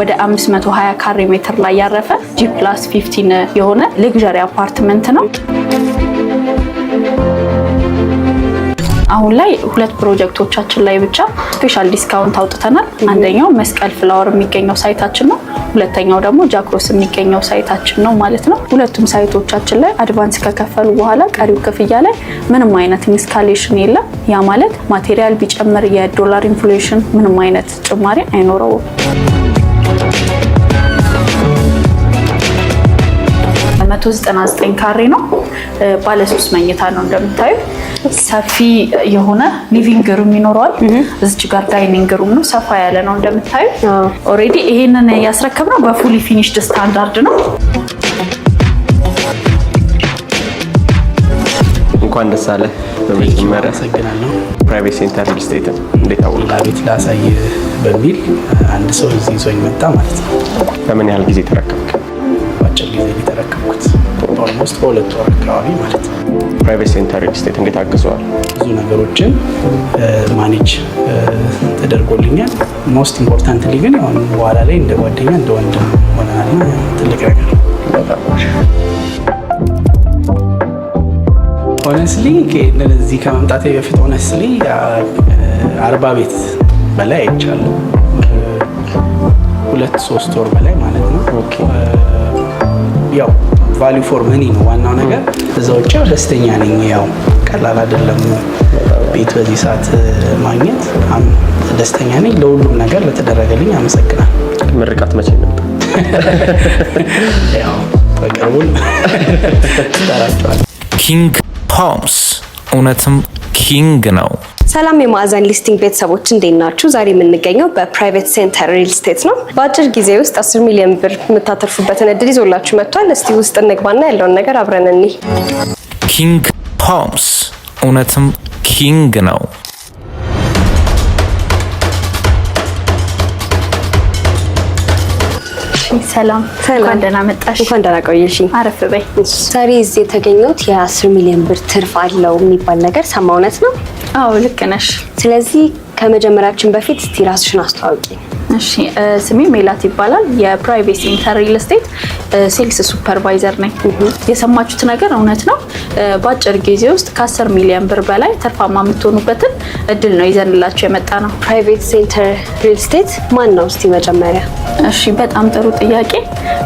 ወደ 520 ካሬ ሜትር ላይ ያረፈ ጂ ፕላስ 15 የሆነ ሌግዣሪ አፓርትመንት ነው። አሁን ላይ ሁለት ፕሮጀክቶቻችን ላይ ብቻ ስፔሻል ዲስካውንት አውጥተናል። አንደኛው መስቀል ፍላወር የሚገኘው ሳይታችን ነው። ሁለተኛው ደግሞ ጃክሮስ የሚገኘው ሳይታችን ነው ማለት ነው። ሁለቱም ሳይቶቻችን ላይ አድቫንስ ከከፈሉ በኋላ ቀሪው ክፍያ ላይ ምንም አይነት ኢንስካሌሽን የለም። ያ ማለት ማቴሪያል ቢጨምር የዶላር ኢንፍሌሽን ምንም አይነት ጭማሪ አይኖረውም። 199 ካሬ ነው። ባለ ሶስት መኝታ ነው። እንደምታዩ ሰፊ የሆነ ሊቪንግ ሩም ይኖረዋል። እዚች ጋር ዳይኒንግ ሩም ነው። ሰፋ ያለ ነው እንደምታዩ። ኦልሬዲ ይሄንን ያስረከብነው በፉሊ ፊኒሽድ ስታንዳርድ ነው። እንኳን ደስ አለ። በመጀመሪያ አመሰግናለሁ። ፕራይቬት ሴንተር ሪል ስቴት እንዴት አወቅ ቤት ላሳይ በሚል አንድ ሰው እዚህ ይዞኝ መጣ ማለት ነው። በምን ያህል ጊዜ ተረከብክ? ኦልሞስት በሁለት ወር አካባቢ ማለት ነው። ፕራይቬት ሴንተር ሪል ስቴት እንዴት አግዘዋል? ብዙ ነገሮችን ማኔጅ ተደርጎልኛል። ሞስት ኢምፖርታንትሊ ግን አሁን በኋላ ላይ እንደ ጓደኛ እንደ ወንድም ሆነናልና ትልቅ ነገር ሆነስሊ እዚህ ከመምጣቴ በፊት ሆነስሊ አርባ ቤት በላይ አይቻለሁ። ሁለት ሶስት ወር በላይ ማለት ነው። ያው ቫሊዩ ፎር መኒ ነው ዋናው ነገር። እዛ ውጭ ደስተኛ ነኝ። ያው ቀላል አይደለም ቤት በዚህ ሰዓት ማግኘት። ደስተኛ ነኝ። ለሁሉም ነገር ለተደረገልኝ አመሰግናል። ምርቃት መቼ ነበር? ያው በቅርቡን ጠራቸዋል። ኪንግ ፖምስ እውነትም ኪንግ ነው። ሰላም የማዕዘን ሊስቲንግ ቤተሰቦች እንዴት ናችሁ? ዛሬ የምንገኘው በፕራይቬት ሴንተር ሪል ስቴት ነው። በአጭር ጊዜ ውስጥ 10 ሚሊዮን ብር የምታተርፉበትን እድል ይዞላችሁ መጥቷል። እስቲ ውስጥ እንግባና ያለውን ነገር አብረን እንይ። ኪንግ ፖምስ እውነትም ኪንግ ነው። ሰላም እንኳን ደህና መጣሽ። እንኳን ደህና ቆየሽ። አረፍ በይ። ዛሬ እዚህ የተገኘሁት የ10 ሚሊዮን ብር ትርፍ አለው የሚባል ነገር ሰማ፣ እውነት ነው? አዎ ልክ ነሽ። ስለዚህ ከመጀመራችን በፊት እስቲ ራስሽን አስተዋውቂ። እሺ ስሜ ሜላት ይባላል። የፕራይቬሲ ኢንተር ሪል ስቴት ሴልስ ሱፐርቫይዘር ነኝ። የሰማችሁት ነገር እውነት ነው። በአጭር ጊዜ ውስጥ ከ10 ሚሊዮን ብር በላይ ተርፋማ የምትሆኑበትን እድል ነው ይዘንላቸው የመጣ ነው። ፕራይቬት ሴንተር ሪል ስቴት ማን ነው እስቲ መጀመሪያ? እሺ በጣም ጥሩ ጥያቄ።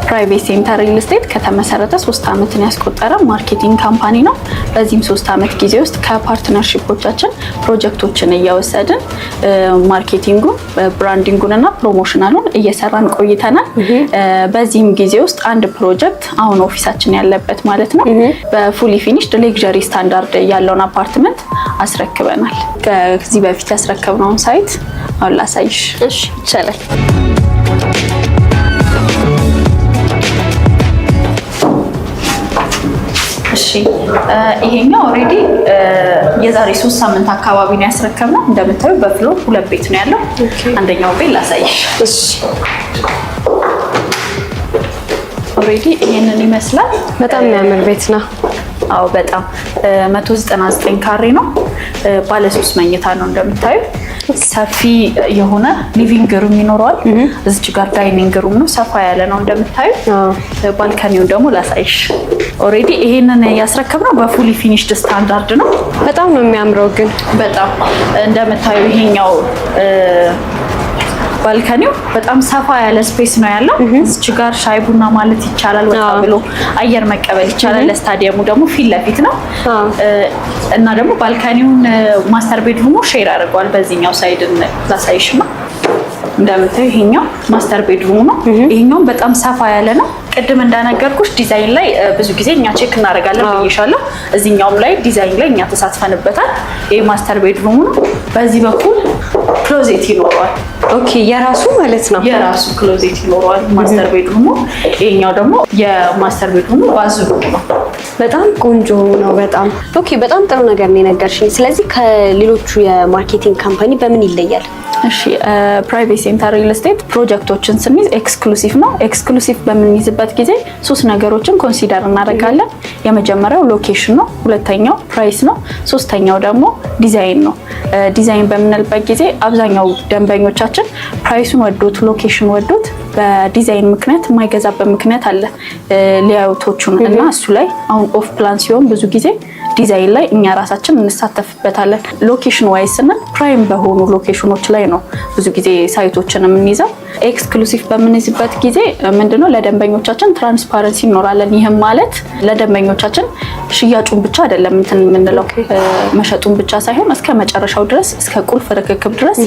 ፕራይቬት ሴንተር ሪል ስቴት ከተመሰረተ ሶስት ዓመትን ያስቆጠረ ማርኬቲንግ ካምፓኒ ነው። በዚህም ሶስት ዓመት ጊዜ ውስጥ ከፓርትነርሽፖቻችን ፕሮጀክቶችን እያወሰድን ማርኬቲንጉን፣ ብራንዲንጉን ና? ፕሮሞሽናሉን እየሰራን ቆይተናል። በዚህም ጊዜ ውስጥ አንድ ፕሮጀክት አሁን ኦፊሳችን ያለበት ማለት ነው በፉሊ ፊኒሽድ ሌግዠሪ ስታንዳርድ ያለውን አፓርትመንት አስረክበናል። ከዚህ በፊት ያስረከብነውን ሳይት አሁን ላሳይሽ ይቻላል። እሺ ይሄኛው ኦልሬዲ የዛሬ ሶስት ሳምንት አካባቢ ነው ያስረከብነው። እንደምታዩ በፍሎ ሁለት ቤት ነው ያለው። አንደኛው ቤት ላሳይሽ። እሺ ኦልሬዲ ይሄንን ይመስላል። በጣም የሚያምር ቤት ነው። አዎ በጣም 199 ካሬ ነው። ባለ ሶስት መኝታ ነው እንደምታዩ ሰፊ የሆነ ሊቪንግ ሩም ይኖረዋል። እዚች ጋር ዳይኒንግ ሩም ነው፣ ሰፋ ያለ ነው እንደምታዩ። ባልካኒውን ደግሞ ላሳይሽ። ኦልሬዲ ይሄንን ያስረከብ ነው በፉሊ ፊኒሽድ ስታንዳርድ ነው። በጣም ነው የሚያምረው ግን በጣም እንደምታዩ ይሄኛው ባልከኒው በጣም ሰፋ ያለ ስፔስ ነው ያለው። እዚች ጋር ሻይ ቡና ማለት ይቻላል፣ ወጣ ብሎ አየር መቀበል ይቻላል። ለስታዲየሙ ደግሞ ፊት ለፊት ነው እና ደግሞ ባልካኒውን ማስተር ቤድሩሙ ሼር አድርጓል። በዚህኛው ሳይድ ላሳይሽ ነው። እንደምታዩ ይሄኛው ማስተር ቤድሩሙ ነው። ይሄኛውም በጣም ሰፋ ያለ ነው። ቅድም እንዳነገርኩሽ ዲዛይን ላይ ብዙ ጊዜ እኛ ቼክ እናደርጋለን ብዬሻለሁ። እዚህኛውም ላይ ዲዛይን ላይ እኛ ተሳትፈንበታል። ይሄ ማስተር ቤድሩሙ ነው። በዚህ በኩል ክሎዜት ይኖረዋል። ኦኬ የራሱ ማለት ነው። የራሱ ክሎዜት ይኖረዋል ማስተር ቤድሩሙ። ይሄኛው ደግሞ የማስተር ቤድሩሙ ባዝሩም ነው። በጣም ቆንጆ ነው። በጣም ኦኬ። በጣም ጥሩ ነገር ነው የነገርሽኝ። ስለዚህ ከሌሎቹ የማርኬቲንግ ካምፓኒ በምን ይለያል? እሺ ፕራይቬት ሴንተር ሪል ስቴት ፕሮጀክቶችን ስንይዝ ኤክስክሉሲቭ ነው። ኤክስክሉሲቭ በምንይዝበት ጊዜ ሶስት ነገሮችን ኮንሲደር እናደርጋለን። የመጀመሪያው ሎኬሽን ነው፣ ሁለተኛው ፕራይስ ነው፣ ሶስተኛው ደግሞ ዲዛይን ነው። ዲዛይን በምንልበት ጊዜ አብዛኛው ደንበኞቻችን ፕራይሱን ወዶት ሎኬሽን ወዶት በዲዛይን ምክንያት የማይገዛበት ምክንያት አለ ሊያዩቶቹን እና እሱ ላይ አሁን ኦፍ ፕላን ሲሆን ብዙ ጊዜ ዲዛይን ላይ እኛ ራሳችን እንሳተፍበታለን። ሎኬሽን ዋይስ ስንል ፕራይም በሆኑ ሎኬሽኖች ላይ ነው ብዙ ጊዜ ሳይቶችን የምንይዘው። ኤክስክሉሲቭ በምንይዝበት ጊዜ ምንድነው ለደንበኞቻችን ትራንስፓረንሲ ይኖራለን። ይህም ማለት ለደንበኞቻችን ሽያጩን ብቻ አይደለም እንትን የምንለው መሸጡን ብቻ ሳይሆን እስከ መጨረሻው ድረስ እስከ ቁልፍ ርክክብ ድረስ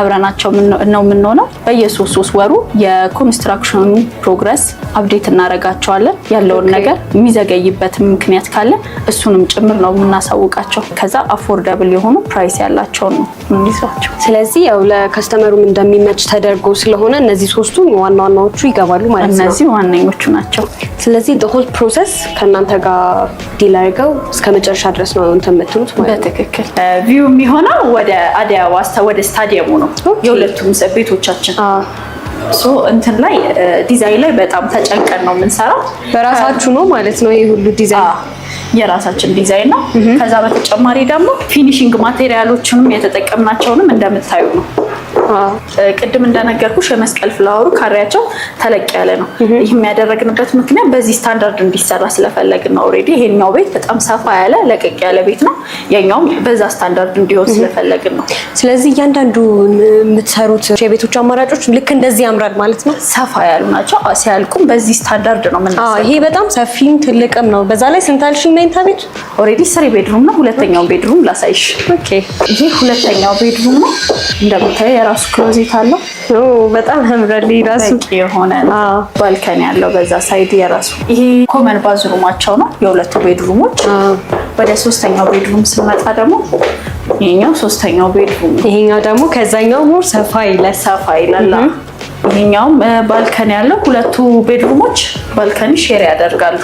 አብረናቸው ነው የምንሆነው። በየሶስት ሶስት ወሩ የኮንስትራክሽኑ ፕሮግረስ አብዴት እናደርጋቸዋለን። ያለውን ነገር የሚዘገይበት ምክንያት ካለ እሱንም ጭ ጭምር ነው የምናሳውቃቸው። ከዛ አፎርዳብል የሆኑ ፕራይስ ያላቸውን ነው የምንይዟቸው። ስለዚህ ያው ለከስተመሩም እንደሚመች ተደርጎ ስለሆነ እነዚህ ሶስቱም ዋና ዋናዎቹ ይገባሉ ማለት ነው። እነዚህ ዋነኞቹ ናቸው። ስለዚህ ሆል ፕሮሰስ ከእናንተ ጋር ዲል አድርገው እስከ መጨረሻ ድረስ ነው እንትን የምትሉት ማለት ነው። በትክክል ቪው የሚሆነው ወደ አዲስ አበባ ወደ ስታዲየሙ ነው የሁለቱም ቤቶቻችን ሶ እንትን ላይ ዲዛይን ላይ በጣም ተጨንቀን ነው የምንሰራው። በራሳችሁ ነው ማለት ነው ይህ ሁሉ ዲዛይን የራሳችን ዲዛይን ነው። ከዛ በተጨማሪ ደግሞ ፊኒሽንግ ማቴሪያሎችንም የተጠቀምናቸውንም እንደምታዩ ነው። ቅድም እንደነገርኩሽ የመስቀል ፍላወሩ ካሬያቸው ተለቅ ያለ ነው። ይህ የሚያደረግንበት ምክንያት በዚህ ስታንዳርድ እንዲሰራ ስለፈለግን ነው። ኦልሬዲ ይሄኛው ቤት በጣም ሰፋ ያለ ለቅቅ ያለ ቤት ነው። የኛውም በዛ ስታንዳርድ እንዲሆን ስለፈለግን ነው። ስለዚህ እያንዳንዱ የምትሰሩት የቤቶች አማራጮች ልክ እንደዚህ ያምራል ማለት ነው። ሰፋ ያሉ ናቸው። ሲያልቁም በዚህ ስታንዳርድ ነው። ይሄ በጣም ሰፊም ትልቅም ነው። በዛ ላይ ስንት አልሽኝ? መኝታ ቤት ኦልሬዲ ስሪ ቤድሩም ነው። ሁለተኛው ቤድሩም ላሳይሽ። ይሄ ሁለተኛው ቤድሩም ነው እንደምታየው ራሱ ክሎዚት አለው። በጣም ህምረል ራሱ የሆነ ባልከን ያለው በዛ ሳይድ የራሱ ይሄ ኮመን ባዝሩማቸው ነው የሁለቱ ቤድሩሞች። ወደ ሶስተኛው ቤድሩም ስንመጣ ደግሞ ይሄኛው ሶስተኛው ቤድሩም ይሄኛው ደግሞ ከዛኛው ሰፋ ይላል ሰፋ ይላል ይሄኛውም ባልከን ያለው ሁለቱ ቤድሩሞች ባልከኒ ሼር ያደርጋሉ።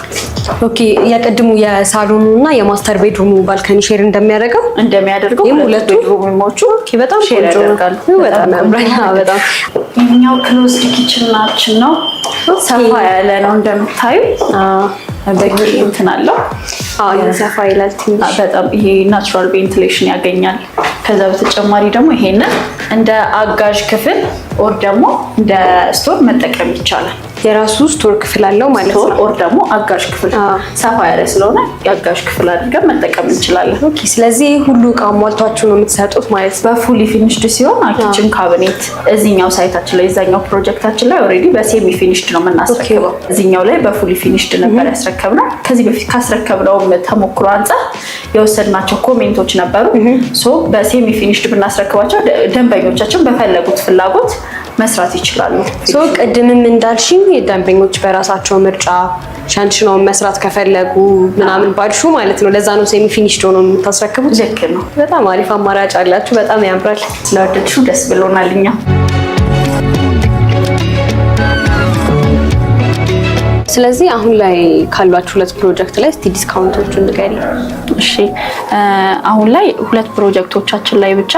ኦኬ የቅድሙ የሳሎኑ እና የማስተር ቤድሩሙ ባልከኒ ሼር እንደሚያደርገው እንደሚያደርገው ሁለቱ ቤድሩሞቹ በጣም ሼር ያደርጋሉ። በጣም ያምራኛ በጣም ይሄኛው ክሎዝድ ኪችናችን ነው። ሰፋ ያለ ነው እንደምታዩ እንትን አለው ሰፋ ይላል ትንሽ በጣም ይሄ ናቹራል ቬንትሌሽን ያገኛል። ከዛ በተጨማሪ ደግሞ ይሄንን እንደ አጋዥ ክፍል ኦር ደግሞ እንደ ስቶር መጠቀም ይቻላል። የራሱ ስቶር ክፍል አለው ማለት ነው። ኦር ደግሞ አጋዥ ክፍል ሰፋ ያለ ስለሆነ የአጋዥ ክፍል አድርገን መጠቀም እንችላለን። ስለዚህ ሁሉ እቃ ሟልቷችሁ ነው የምትሰጡት ማለት ነው። በፉሊ ፊኒሽድ ሲሆን ኪችን ካቢኔት እዚኛው ሳይታችን ላይ እዛኛው ፕሮጀክታችን ላይ ኦልሬዲ በሴሚ ፊኒሽድ ነው የምናስረክበው። እዚኛው ላይ በፉሊ ፊኒሽድ ነበር ያስረከብነው። ከዚህ በፊት ካስረከብነውም ተሞክሮ አንጻር የወሰድናቸው ኮሜንቶች ነበሩ። ሶ በሴሚ ፊኒሽድ ብናስረክባቸው ደንበኞቻችን በፈለጉት ፍላጎት መስራት ይችላሉ። ቅድምም እንዳልሽም ደንበኞች በራሳቸው ምርጫ ሻንሽናውን መስራት ከፈለጉ ምናምን ባልሹ ማለት ነው። ለዛ ነው ሴሚ ፊኒሽድ ሆኖ የምታስረክቡት። ልክ ነው። በጣም አሪፍ አማራጭ አላችሁ። በጣም ያምራል። ስለወደድሹ ደስ ብሎናል እኛ ስለዚህ አሁን ላይ ካሏችሁ ሁለት ፕሮጀክት ላይ እስቲ ዲስካውንቶቹ ንገሪ። እሺ አሁን ላይ ሁለት ፕሮጀክቶቻችን ላይ ብቻ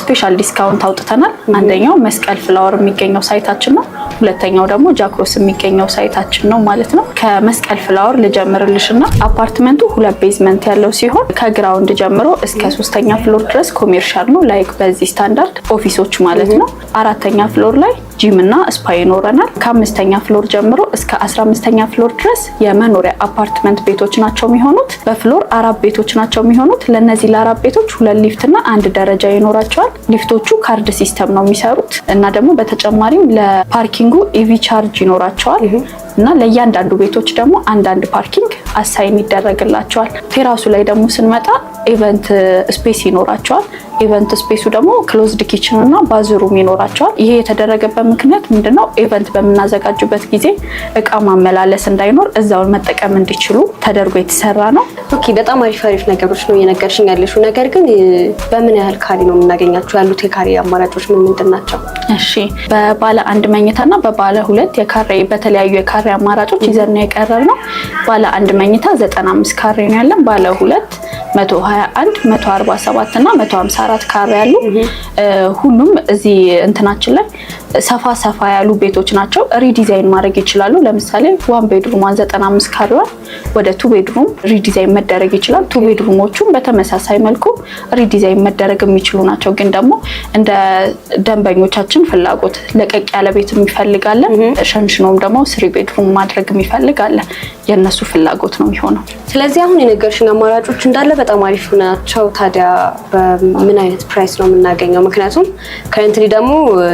ስፔሻል ዲስካውንት አውጥተናል። አንደኛው መስቀል ፍላወር የሚገኘው ሳይታችን ነው። ሁለተኛው ደግሞ ጃክሮስ የሚገኘው ሳይታችን ነው ማለት ነው። ከመስቀል ፍላወር ልጀምርልሽ እና አፓርትመንቱ ሁለት ቤዝመንት ያለው ሲሆን ከግራውንድ ጀምሮ እስከ ሶስተኛ ፍሎር ድረስ ኮሜርሻል ነው። ላይክ በዚህ ስታንዳርድ ኦፊሶች ማለት ነው። አራተኛ ፍሎር ላይ ጂም እና ስፓ ይኖረናል። ከአምስተኛ ፍሎር ጀምሮ እስከ አስራ አምስተኛ ፍሎር ድረስ የመኖሪያ አፓርትመንት ቤቶች ናቸው የሚሆኑት። በፍሎር አራት ቤቶች ናቸው የሚሆኑት። ለእነዚህ ለአራት ቤቶች ሁለት ሊፍት እና አንድ ደረጃ ይኖራቸዋል። ሊፍቶቹ ካርድ ሲስተም ነው የሚሰሩት እና ደግሞ በተጨማሪም ለፓርኪንጉ ኢቪ ቻርጅ ይኖራቸዋል እና ለእያንዳንዱ ቤቶች ደግሞ አንዳንድ ፓርኪንግ አሳይን ይደረግላቸዋል። ቴራሱ ላይ ደግሞ ስንመጣ ኢቨንት ስፔስ ይኖራቸዋል። ኢቨንት ስፔሱ ደግሞ ክሎዝድ ኪችን እና ባዝሩም ይኖራቸዋል። ይሄ የተደረገበት ምክንያት ምንድነው? ኢቨንት በምናዘጋጅበት ጊዜ እቃ ማመላለስ እንዳይኖር እዛውን መጠቀም እንዲችሉ ተደርጎ የተሰራ ነው። ኦኬ፣ በጣም አሪፍ አሪፍ ነገሮች ነው እየነገርሽኝ ያለሽ። ነገር ግን በምን ያህል ካሬ ነው የምናገኛቸው? ያሉት የካሬ አማራጮች ምን ምንድን ናቸው? እሺ፣ በባለ አንድ መኝታና በባለ ሁለት የካሬ በተለያዩ የካሬ አማራጮች ይዘን ነው የቀረብ ነው። ባለ አንድ መኝታ አምስት ካሬ ነው ያለን። ባለ ሁለት 121 147 እና 154 ካሬ ያሉ ሁሉም እዚህ እንትናችን ላይ ሰፋ ሰፋ ያሉ ቤቶች ናቸው። ሪዲዛይን ማድረግ ይችላሉ። ለምሳሌ ዋን ቤድሩሟን 95 ካሬዋን ወደ ቱ ቤድሩም ሪዲዛይን መደረግ ይችላል። ቱ ቤድሩሞቹም በተመሳሳይ መልኩ ሪዲዛይን መደረግ የሚችሉ ናቸው። ግን ደግሞ እንደ ደንበኞቻችን ፍላጎት ለቀቅ ያለ ቤት የሚፈልጋለን፣ ሸንሽኖም ደግሞ ስሪ ቤድሩም ማድረግ የሚፈልጋለን የእነሱ ፍላጎት ነው የሚሆነው። ስለዚህ አሁን የነገርሽን አማራጮች እንዳለ በጣም አሪፍ ናቸው። ታዲያ በምን አይነት ፕራይስ ነው የምናገኘው? ምክንያቱም ከረንትሊ ደግሞ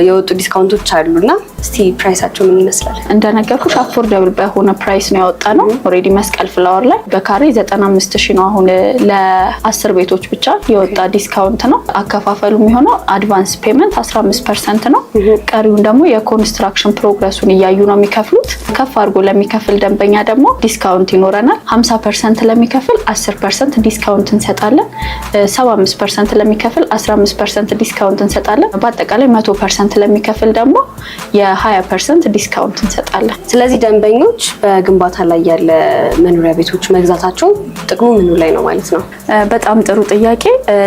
የወጡ ዲስካውንቶች አሉና እስቲ ፕራይሳቸው ምን ይመስላል? እንደነገርኩሽ አፎርደብል በሆነ ፕራይስ ነው ያወጣ ነው። ኦልሬዲ መስቀል ፍላወር ላይ በካሬ 95 ሺ ነው አሁን ለ10 ቤቶች ብቻ የወጣ ዲስካውንት ነው። አከፋፈሉ የሚሆነው አድቫንስ ፔመንት 15 ፐርሰንት ነው። ቀሪውን ደግሞ የኮንስትራክሽን ፕሮግረሱን እያዩ ነው የሚከፍሉት። ከፍ አድርጎ ለሚከፍል ደንበኛ ደግሞ ዲስካውንት ይኖረናል። 50 ፐርሰንት ለሚከፍል 10 ፐርሰንት ዲስካውንት እንሰጣለን። 75 ፐርሰንት ለሚከፍል 15 ፐርሰንት ዲስካውንት እንሰጣለን። በአጠቃላይ 100 ፐርሰንት ለሚከፍል ደግሞ 20 ፐርሰንት ዲስካውንት እንሰጣለን። ስለዚህ ደንበኞች በግንባታ ላይ ያለ መኖሪያ ቤቶች መግዛታቸው ጥቅሙ ምኑ ላይ ነው ማለት ነው? በጣም ጥሩ ጥያቄ።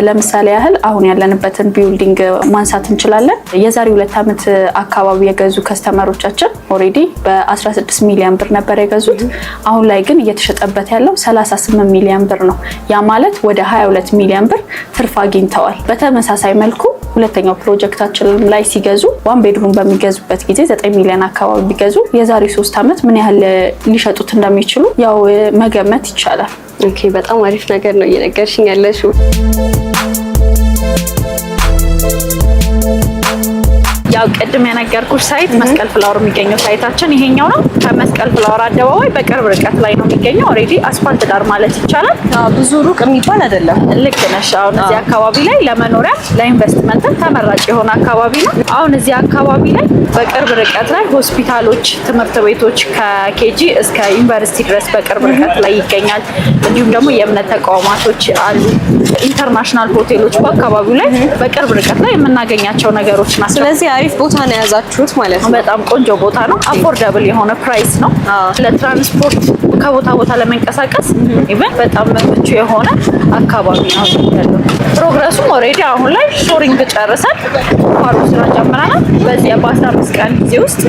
ለምሳሌ ያህል አሁን ያለንበትን ቢውልዲንግ ማንሳት እንችላለን። የዛሬ ሁለት ዓመት አካባቢ የገዙ ከስተመሮቻችን ኦልሬዲ በ16 ሚሊዮን ብር ነበር የገዙት። አሁን ላይ ግን እየተሸጠበት ያለው 38 ሚሊዮን ብር ነው። ያ ማለት ወደ 22 ሚሊዮን ብር ትርፍ አግኝተዋል። በተመሳሳይ መልኩ ሁለተኛው ፕሮጀክታችን ላይ ሲገዙ ዋን ቤድሩም በሚገዙበት ጊዜ ጊዜ ዘጠኝ ሚሊዮን አካባቢ ቢገዙ የዛሬ ሶስት ዓመት ምን ያህል ሊሸጡት እንደሚችሉ ያው መገመት ይቻላል። ኦኬ፣ በጣም አሪፍ ነገር ነው እየነገርሽኝ ያለሽው። ያው ቅድም የነገርኩሽ ሳይት መስቀል ፍላወር የሚገኘው ሳይታችን ይሄኛው ነው። ከመስቀል ፍላወር አደባባይ በቅርብ ርቀት ላይ ነው የሚገኘው። ኦልሬዲ አስፋልት ዳር ማለት ይቻላል። ብዙ ሩቅ የሚባል አይደለም። ልክ ነሽ። አሁን እዚህ አካባቢ ላይ ለመኖሪያ ለኢንቨስትመንት ተመራጭ የሆነ አካባቢ ነው። አሁን እዚህ አካባቢ ላይ በቅርብ ርቀት ላይ ሆስፒታሎች፣ ትምህርት ቤቶች ከኬጂ እስከ ዩኒቨርሲቲ ድረስ በቅርብ ርቀት ላይ ይገኛል። እንዲሁም ደግሞ የእምነት ተቋማቶች አሉ። ኢንተርናሽናል ሆቴሎች በአካባቢው ላይ በቅርብ ርቀት ላይ የምናገኛቸው ነገሮች ናቸው። ስለዚህ አሪፍ ቦታ ነው የያዛችሁት ማለት ነው። በጣም ቆንጆ ቦታ ነው። አፎርደብል የሆነ ፕራይስ ነው ለትራንስፖርት ከቦታ ቦታ ለመንቀሳቀስ ኢቨን በጣም ምቹ የሆነ አካባቢ ነው ያለው። ፕሮግረሱም ኦልሬዲ አሁን ላይ ሾሪንግ ጨርሰን ቁፋሮ ስራ ጀምረናል። በዚህ በአስራ አምስት ቀን ጊዜ ውስጥ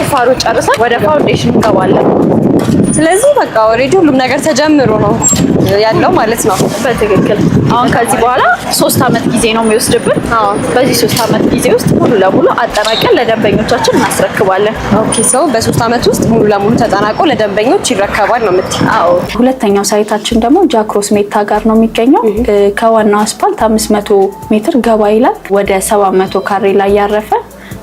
ቁፋሮ ጨርሰን ወደ ፋውንዴሽን እንገባለን። ስለዚህ በቃ ኦልሬዲ ሁሉም ነገር ተጀምሮ ነው ያለው ማለት ነው። በትክክል አሁን ከዚህ በኋላ ሶስት አመት ጊዜ ነው የሚወስድብን። በዚህ ሶስት አመት ጊዜ ውስጥ ሙሉ ለሙሉ አጠናቀን ለደንበኞቻችን እናስረክባለን። ኦኬ ሰው በሶስት አመት ውስጥ ሙሉ ለሙሉ ተጠናቆ ለደንበኞች ይረከባል ነው የምት አዎ። ሁለተኛው ሳይታችን ደግሞ ጃክሮስ ሜታ ጋር ነው የሚገኘው። ከዋናው አስፓልት 500 ሜትር ገባ ይላል። ወደ 700 ካሬ ላይ ያረፈ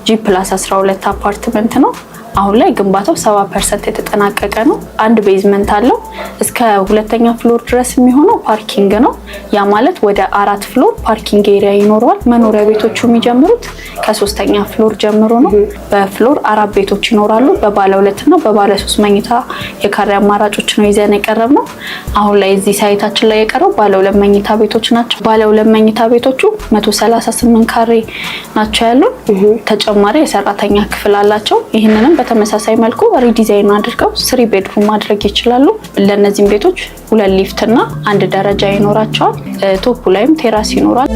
ጂ ፕላስ 12 አፓርትመንት ነው። አሁን ላይ ግንባታው ሰባ ፐርሰንት የተጠናቀቀ ነው። አንድ ቤዝመንት አለው። እስከ ሁለተኛ ፍሎር ድረስ የሚሆነው ፓርኪንግ ነው። ያ ማለት ወደ አራት ፍሎር ፓርኪንግ ኤሪያ ይኖረዋል። መኖሪያ ቤቶቹ የሚጀምሩት ከሶስተኛ ፍሎር ጀምሮ ነው። በፍሎር አራት ቤቶች ይኖራሉ። በባለ ሁለትና በባለ ሶስት መኝታ የካሬ አማራጮች ነው ይዘን የቀረብ ነው። አሁን ላይ እዚህ ሳይታችን ላይ የቀረው ባለ ሁለት መኝታ ቤቶች ናቸው። ባለ ሁለት መኝታ ቤቶቹ 138 ካሬ ናቸው ያሉ። ተጨማሪ የሰራተኛ ክፍል አላቸው። ይህንንም በተመሳሳይ መልኩ ሪዲዛይን አድርገው ስሪ ቤድሩም ማድረግ ይችላሉ። ለእነዚህም ቤቶች ሁለት ሊፍት እና አንድ ደረጃ ይኖራቸዋል። ቶፑ ላይም ቴራስ ይኖራል።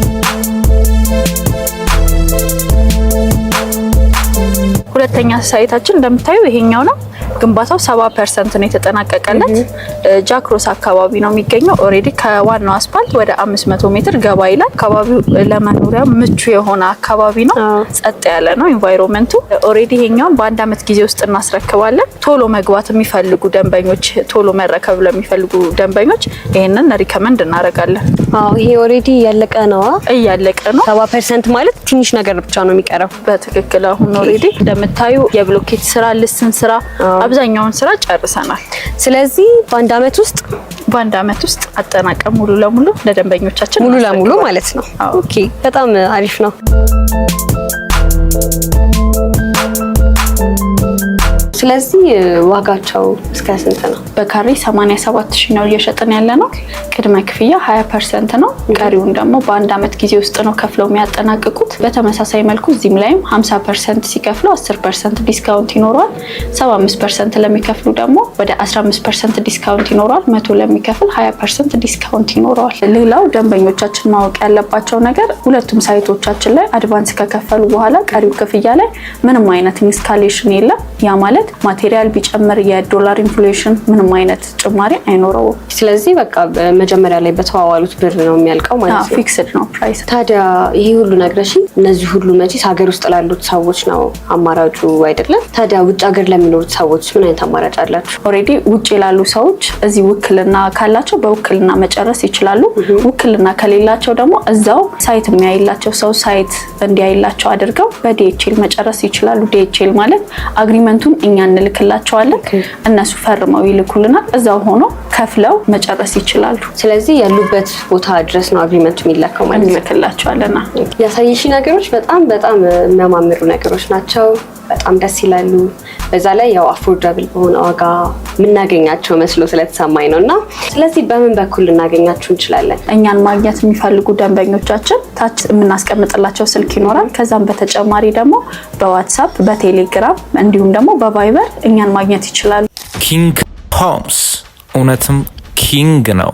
ሁለተኛ ሳይታችን እንደምታዩ ይሄኛው ነው። ግንባታው ሰባ ፐርሰንት ነው የተጠናቀቀለት። ጃክሮስ አካባቢ ነው የሚገኘው። ኦልሬዲ ከዋናው አስፓልት ወደ አምስት መቶ ሜትር ገባ ይላል። አካባቢው ለመኖሪያ ምቹ የሆነ አካባቢ ነው። ጸጥ ያለ ነው ኢንቫይሮንመንቱ። ኦልሬዲ ይሄኛውን በአንድ አመት ጊዜ ውስጥ እናስረክባለን። ቶሎ መግባት የሚፈልጉ ደንበኞች፣ ቶሎ መረከብ ለሚፈልጉ ደንበኞች ይህንን ሪከመንድ እናደርጋለን። ይሄ ኦልሬዲ እያለቀ ነው እያለቀ ነው። ሰባ ፐርሰንት ማለት ትንሽ ነገር ብቻ ነው የሚቀረው። በትክክል አሁን ኦልሬዲ እንደምታዩ የብሎኬት ስራ ልስን ስራ አብዛኛውን ስራ ጨርሰናል። ስለዚህ በአንድ አመት ውስጥ በአንድ አመት ውስጥ አጠናቀም ሙሉ ለሙሉ ለደንበኞቻችን ሙሉ ለሙሉ ማለት ነው። ኦኬ፣ በጣም አሪፍ ነው። ስለዚህ ዋጋቸው እስከ ስንት ነው? በካሬ 87 ሺህ ነው እየሸጥን ያለ ነው። ቅድመ ክፍያ 20 ፐርሰንት ነው። ቀሪውን ደግሞ በአንድ ዓመት ጊዜ ውስጥ ነው ከፍለው የሚያጠናቅቁት። በተመሳሳይ መልኩ እዚህም ላይም 50 ፐርሰንት ሲከፍሉ 10 ፐርሰንት ዲስካውንት ይኖረዋል። 75 ፐርሰንት ለሚከፍሉ ደግሞ ወደ 15 ፐርሰንት ዲስካውንት ይኖረዋል። መቶ ለሚከፍል 20 ፐርሰንት ዲስካውንት ይኖረዋል። ሌላው ደንበኞቻችን ማወቅ ያለባቸው ነገር ሁለቱም ሳይቶቻችን ላይ አድቫንስ ከከፈሉ በኋላ ቀሪው ክፍያ ላይ ምንም አይነት ኢንስካሌሽን የለም። ያ ማለት ማቴሪያል ቢጨምር የዶላር ኢንፍሌሽን ምንም አይነት ጭማሪ አይኖረውም። ስለዚህ በቃ መጀመሪያ ላይ በተዋዋሉት ብር ነው የሚያልቀው ማለት ነው። ፊክስድ ነው ፕራይስ። ታዲያ ይሄ ሁሉ ነግረሽኝ እነዚህ ሁሉ መቼስ ሀገር ውስጥ ላሉት ሰዎች ነው አማራጩ አይደለም። ታዲያ ውጭ ሀገር ለሚኖሩት ሰዎች ምን አይነት አማራጭ አላችሁ? ኦልሬዲ ውጭ ላሉ ሰዎች እዚህ ውክልና ካላቸው በውክልና መጨረስ ይችላሉ። ውክልና ከሌላቸው ደግሞ እዛው ሳይት የሚያይላቸው ሰው ሳይት እንዲያይላቸው አድርገው በዲኤችኤል መጨረስ ይችላሉ። ዲኤችኤል ማለት አግሪመንቱን እኛ እንልክላቸዋለን፣ እነሱ ፈርመው ይልኩልናል። እዛው ሆኖ ከፍለው መጨረስ ይችላሉ። ስለዚህ ያሉበት ቦታ ድረስ ነው አግሪመንቱ የሚላከው ማለት እንልክላቸዋለና ያሳየሽ ነገር ነገሮች በጣም በጣም የሚያማምሩ ነገሮች ናቸው። በጣም ደስ ይላሉ። በዛ ላይ ያው አፎርዳብል በሆነ ዋጋ የምናገኛቸው መስሎ ስለተሰማኝ ነው እና ስለዚህ በምን በኩል ልናገኛችሁ እንችላለን? እኛን ማግኘት የሚፈልጉ ደንበኞቻችን ታች የምናስቀምጥላቸው ስልክ ይኖራል። ከዛም በተጨማሪ ደግሞ በዋትሳፕ፣ በቴሌግራም እንዲሁም ደግሞ በቫይበር እኛን ማግኘት ይችላሉ። ኪንግ ሆምስ እውነትም ኪንግ ነው።